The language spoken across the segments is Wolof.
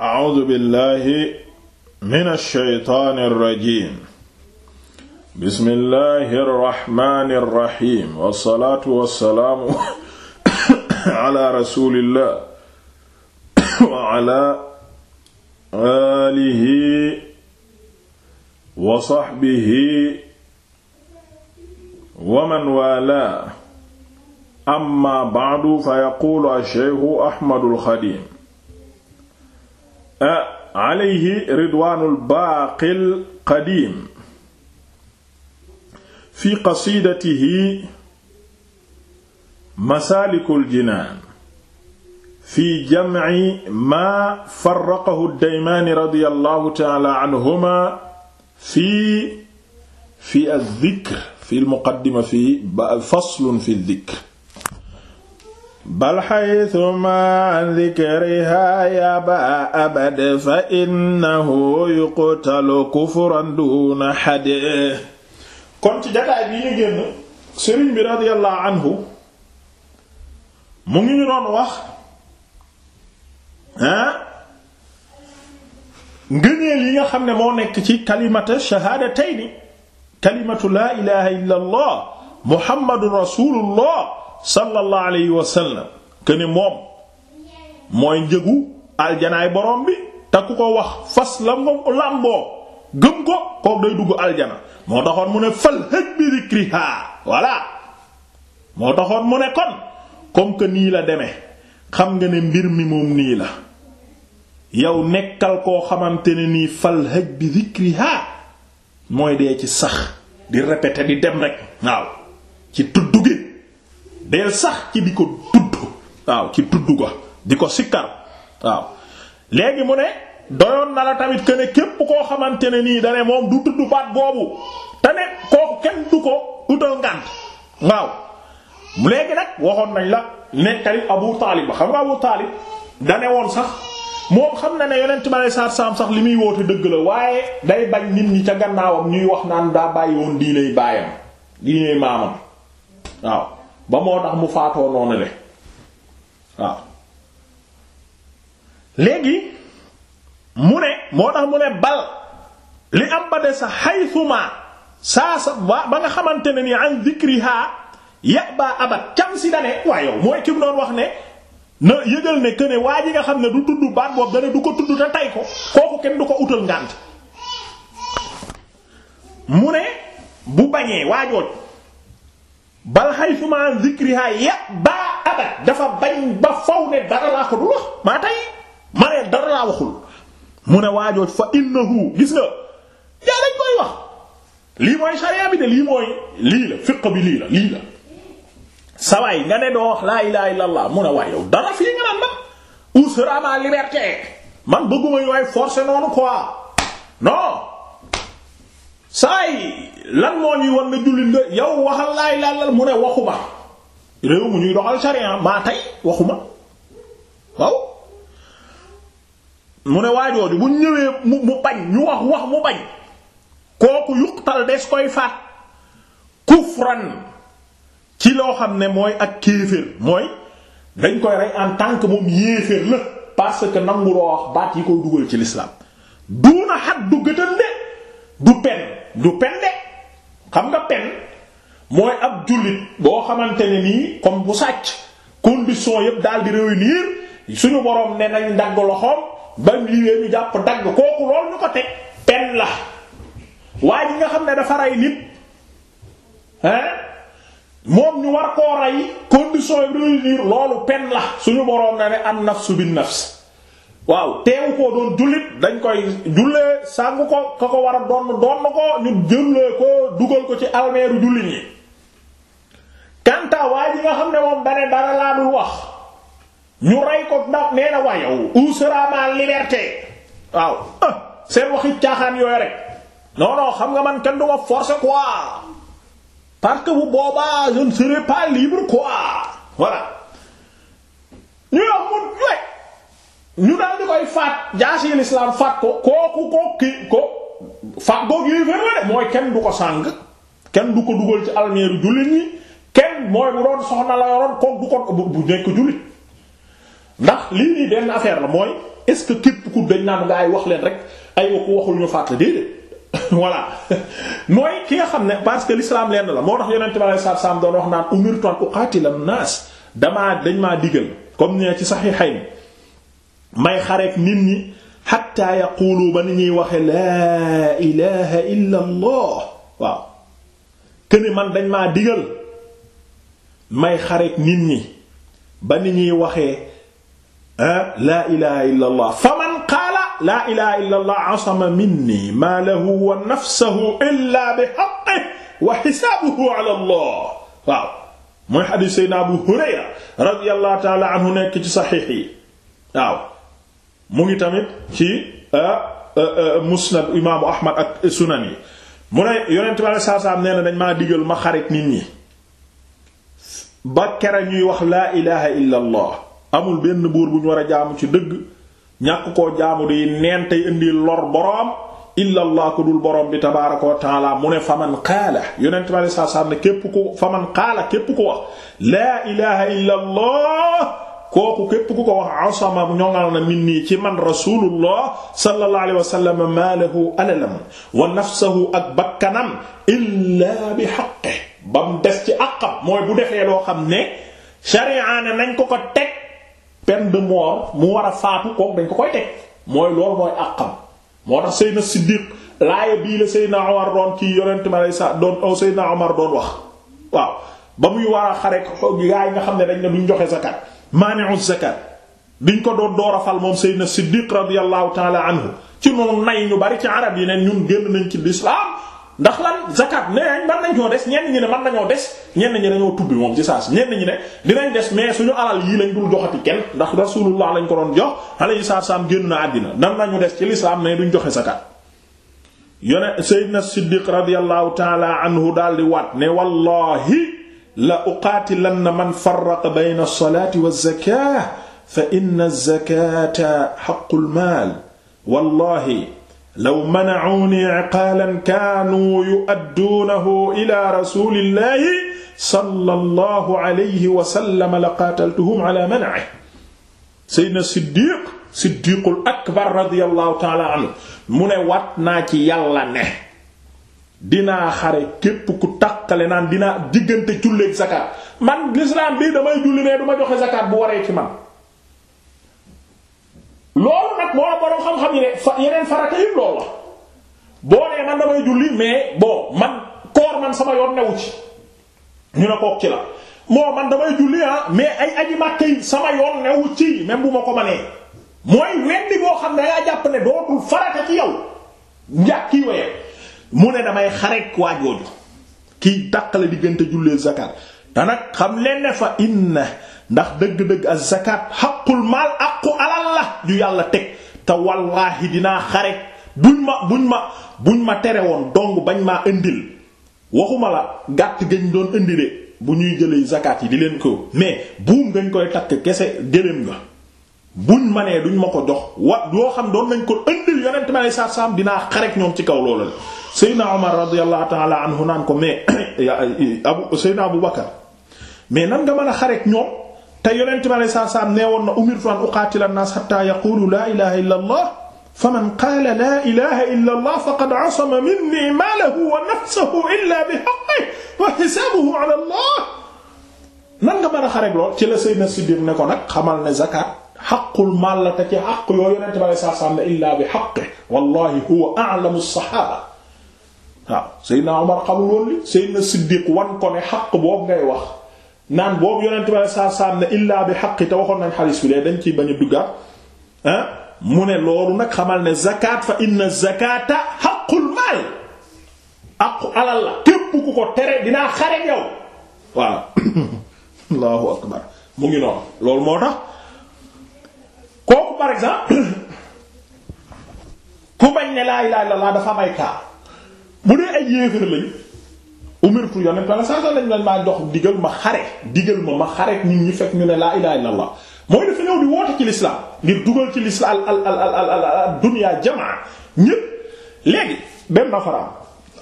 A'uuzu billaahi mina shaytaani rajiim. Bismillaahi rahmaani rahiim. Wassalaatu wassalaamu alaa rasuulillaah wa alaa aalihi wa sahbihi wa man waalaahu. Ammaa ba'du, fa yaquulu ash-shaykhu Ahmadul Xadiim. Ah, alayhi ridwaanul baaqil qadiim fi qasidatihi masaalikul jinaan fi jamci maa farraqahu daymaani radiyallahu ta'ala anhuma fi fi adh-dhikr fi al-muqaddima fi faslun fi adh-dhikr bal xaytu ma an dikriha yaba abad fa innahu yuqtalu kufran duna xad kon ci jataay bi ñu génn sëriñ bi radiyallahu anhu mu ngi ñu doon wax ah ngëneel yi nga xam ne moo nekk ci kalimata shahaadatayni kalimatu laa ilaha illa allah muhammadu rasulullah sallallahu alayhi wa sallam que ni moom mooy njëgu aljanaay borom bi te ku ko wax fas la nga làmboo gëm ko kooku day dugg aljana moo taxoon mu ne fal hëj bi zikriha voilà moo taxoon mu ne kon comme que nii la deme xam nga ne mbir mi moom nii la yow nekkal koo xamante ne nii fal hëj bi zikriha mooy dee ci sax di répéter di dem rek waaw ci tudd del sax ci di ko tudd waaw ci tudd ko di ko sikkar waaw léegi mu ne doyoon na la tamit que képp koo xamante ne nii da ne moom du tudd baat boobu te ne kooku kenn du ko utal ngànt waaw léegi nag waxoon nañ la nekkali Abu Taalib ba xam nga Abu Taalib da woon sax moom xam na ne yonent bi aleyhi salaatu salaam sax li muy woote dëgg la waaye day bañ nit ñi ca gannaawam ñuy wax naan daa bàyyi woon diiney baayam diiney maamam waaw ba moo tax mu faatoo noonu le waaw léegi mu ne moo tax mu ne bal li am ba de sa xaytuma saa sa ba nga xamante ne ni an dhikriha yaba abat cam si dane waa yow mooy ki mu wax ne na yëgal ne que ne waa ji nga xam ne du tudd baat boobu dane du ko tudd te tay ko kooku kenn du ko utal ngànt mu ne bu bañee waajooj bal haythu ma dhikriha ya ba abad dafa bañ ba faw ne dara laa ko dul wax maa tey ma ne dara laa waxul mu ne waajooj fa innahu gis nga yaa dañ koy wax lii mooy sharia bi de lii mooy lii la fiqh bi lii la lii la sawaay nga ne doo wax laa ilaha illallah mu ne waay yow dara fii nga naan la où sera ma liberté man bëgguma yooy forcer noonu quoi non saa yi lan moo ñuy war na jullit nga yow waxal laay laalal mu ne waxuma réew mu ñuy doxal sharia maa tey waxuma waaw mu ne waajooju bu ñëwee mu mu bañ ñu wax wax mu bañ kooku yuqtal des koy faat kufran ci loo xam ne mooy ak kéefër mooy dañ koy rey en tant moom yéefër la parce que nangu loo wax baat yi koy dugal ci l'islam duuna xat du gëtal de du pen du pen de xam nga pen mooy ab jullit boo xamante ne nii comme bu sàcc condition yëpp daal di réunir suñu borom ne nañ dagg loxoom bam liwee ñu jàpp dagg kooku loolu ñu ko teg pen la waaye ñi nga xam ne dafa rey nit hein moom ñu war koo rey condition yëpp réunir loolu pen la suñu borom ne ne an nafsu bin nafs waaw teewu ko doon jullit dañ koy jullee sàng ko ka ko war a donn donn ko ñu jullee ko dugal ko ci almeeru jullit yi kanta waa ji nga xam ne moom dane dara laa dul wax ñu rey ko ndax nee na wayow ma liberté waaw ah, seen waxi caaxaan yooyu rek non xam nga man kenn du ma forcer quoi parce que bu boobaa je ne pas libre quoi voilà ñu wax mun ñu daal di koy faat jaasi lislaam faat ko kooku ko ki ko faat boog yooyu fër mooy kenn du ko sàng kenn du ko dugal ci almeeru jullit ñi kenn mooy bu doon soxna la yoroon kook ko bu nekk jullit ndax lii nii benn affaire la mooy est-ce que képp ku dañ naan nga ay wax leen rek ay wax waxul ñu faat la déedéet voilà mooy ki nga xam ne parce que l'islam lenn la moo tax yonent bi alayhi salaam doon wax naan umirtu an uqaatila naas damaa dañ maa digal comme ne ci saxiixayn may xareek nit ñi xatta yaqulu ba ni ñuy waxe laa ilaha illa allah waaw këne man dañ maa digal may xareek nit ñi ba ni ñuy waxee ah, laa ilaha illa allah fa man qaala laa ilaha illa allah asama minni maa lahu wa nafsahu illa bi haqqihi wa xisaabuhu ala allah waaw mooy xadiis seydna abu hurayra radiyallahu taala anhu nekk ci saxiix yi waaw mu ngi tamit ci ah, ah, ah, musnad imaamu ahmad ak sunan yi mu ne yonent bi alei satu nee na dañ maa digal ma xarit nit ñi ba kera ñuy wax laa ilaha illa amul benn buur bu ñu war a jaamu ci dëgg ñàkk koo jaamu di neen tey indi lor boroom illa allah ku dul borom bi tabaaraka wa mu ne faman qaala yonent bi alei satu salaam ne képp ku faman qaala képp ku wax laa ilaha illa kooku képp ku ko wax asama ñoŋal na min nii ci man rasulullah sallallahu alayhi wa sallam maalahu alalam wa nafsahu ak bakkanam illaa bi haqqi ba mu des ci àqam mooy bu defee loo xam ne sharia ne nañ ko ko teg peine de mort mu war a faatu kooku dañ ko koy teg mooy loolu mooy àqam moo tax Seydina Siddiq laaya bii la Seydina Omar doon ci yonent ma lay sa doon Seydina Omar doon wax waaw ba muy war a xare gaa yi nga xam ne dañ ne duñ joxe zakat maani'u zakat biñ ko doon door a fal moom Seydina Siddiq radiyallahu taala anhu ci noonu nay ñu bari ci arab yi ne ñun génn nañ ci lislaam ndax lan zakat nee nañ mën nañoo des ñenn ñi ne mën nañoo des ñenn ñi dañoo tubbi moom ci saas ñenn ñi ne dinañ des mais suñu alal yii lañ dul joxati kenn ndax rasulullah lañ ko doon jox alayhi salaam génn na àddina nan nañu des ci lislaam mais duñ joxe zakat yone Seydina Siddiq radiyallahu taala anhu daal di waat ne wallahi la uqaatilanna man farraqa bayna as-salaati waz-zakaati fa inna az-zakaata haqqul maal wallaahi law mana'uunii 'iqaalan kaanuu yu'adduunahu ilaa rasuulillaahi sallallahu alayhi wa sallam laqaataltuhum 'alaa man'ihi. Seydina Siddiq Siddiqul akbar radiyallahu ta'aala anhu mu ne waat naa ci yàlla ne. dinaa xare képp ku taqale naan dinaa diggante julleek zakat man l'islam bii damay julli ne duma joxe zakat bu waree ci man loolu nag moo boroom xam-xam yi ne yeneen farata yëpp loolu la boo nee man damay julli mais boo man koor man sama yoon newu ci ñu ne kook ci la moo man damay julli ah mais ay aji màkk sama yoon newu ci même bu ma ko manee mooy wendi boo xam ne dangaa jàpp ne dootul farata ci yaw njàkki waye mu ne damay xareek waa jooju kiy tàqale diggante jullee zakat te nag xam leen fa indi na ndax dëgg-dëgg a zakat xaqul maal aqu alal la ju yàlla teg te wallaahi dinaa xareek buñ ma buñ ma buñ ma tere woon dong bañ maa indil waxuma la gàtt gañ doon indire bu ñuy jëlee zakat yi di leen ko mais buum ngañ koy takk kese gëléem nga buñ ma nee duñ ma ko jox wa yoo xam doon nañ ko ëndil yonent saam dinaa xarek ñoom ci kaw loolu la Seydina Omar radiyallahu ta'ala anhu naan ko mais Abu Seydina Abu Bakar mais nan nga ma a xarek ñoom te yonent ma lay saa na nga mën a xarek lool ci la Seydina ne ko nag xamal ne zakat xaqul màlla te ci xaq yoo yonente bi alei sat selaam ne illaa bi xaqi wallahi huwa a'lamu saxaaba waaw Seydina Omar xamul woon li Seydina Siddiq wan ko ne xaq boobu ngay wax naan boobu yonente bi alei sat selaam ne illaa bi xaqi te waxoon nañ xaalis bi lee dañ ciy bañ a duggaat ah mu ne loolu nag xamal ne zakat fa inna zakata xaqul maal aqu alal la képp ku ko tere dinaa xare yow waaw allahu akbar mu ngi noonu loolu moo tax par exemple ku bañ ne laa ilaaha illallaah dafa may kaa bu dee ay yéefar lañ umirtu yonent wala saa saa lañ lañ maa jox digal ma xare digal ma ma xare nit ñi fekk ñu ne laa ilaaha illallaah mooy dafa ñëw di woote ci lislaam ngir dugal ci lislaam al al al al al dunyaa jamaa ñépp léegi benn nafaraam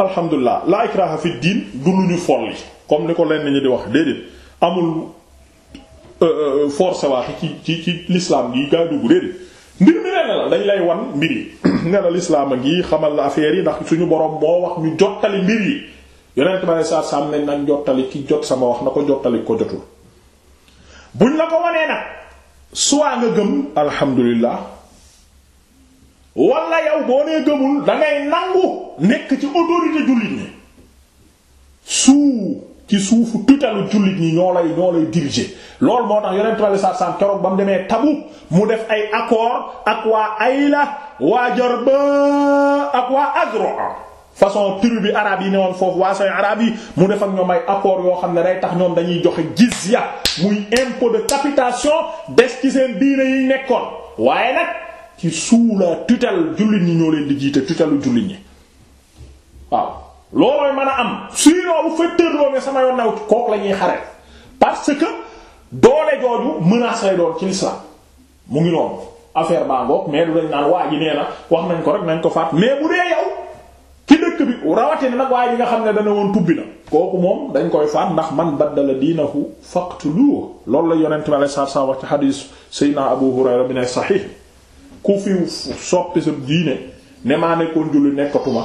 alhamdulilah laa ikraha fi diin du lu ñu folli comme ni ko lenn ñi di wax déedéet amul Euh, euh, force waaxi ci ci ci gi gaa dugg déedéet mbir mi nee na la dañ lay wan mbir yi nee na a ngi xamal la affaire yi ndax suñu borom moo wax ñu jottali mbir yi yonent ma ne saa saam nañ nag jottali ki jot sama wax na ko jottali ko jotul buñ la ko wanee nag soit nga gëm alhamdulilah wala yow boo nee gëmul da nangu nekk ci autorité jullit ñi suu ci suufu tutalu jullit ñi ñoo lay ñoo lay diriger loolu moo tax yonent bi saa saam keroog ba mu demee Tabuk mu def ay accord ak waa Ayla waa Jarba ak waa Azra façon tribu bi arabe yi ne woon foofu waa sooy arabe yi mu def ak ñoom ay accord yoo xam ne rey tax ñoom dañuy joxe jizya muy impôt de capitation des ci seen diine yi nekkoon waaye nag ci suula la tutelle jullit ñi ñoo leen di jiite tutelle jullit ñi waaw. loolooy mën a am sinon bu fetteerloo ne sama yoon naw kook lañuy ñuy xareel parce que doole jooju menace lay doon ci l'islam mu ngi noonu affaire baa ngoog mais du dañ naan waa ji na wax nañ ko nañ ko faat mais bu dee yow ki dëkk bi rawatina nag waa nga xam ne dana woon tubbi na. kooku moom dañ koy faat ndax man baddala diinahu faqtuluhu loolu la yonent ma lay saa saa wax ci hadis Seydina Abu Hurayra bi ne sahih ku fi soppi sa diine ne maa nekkoon julli nekkatuma.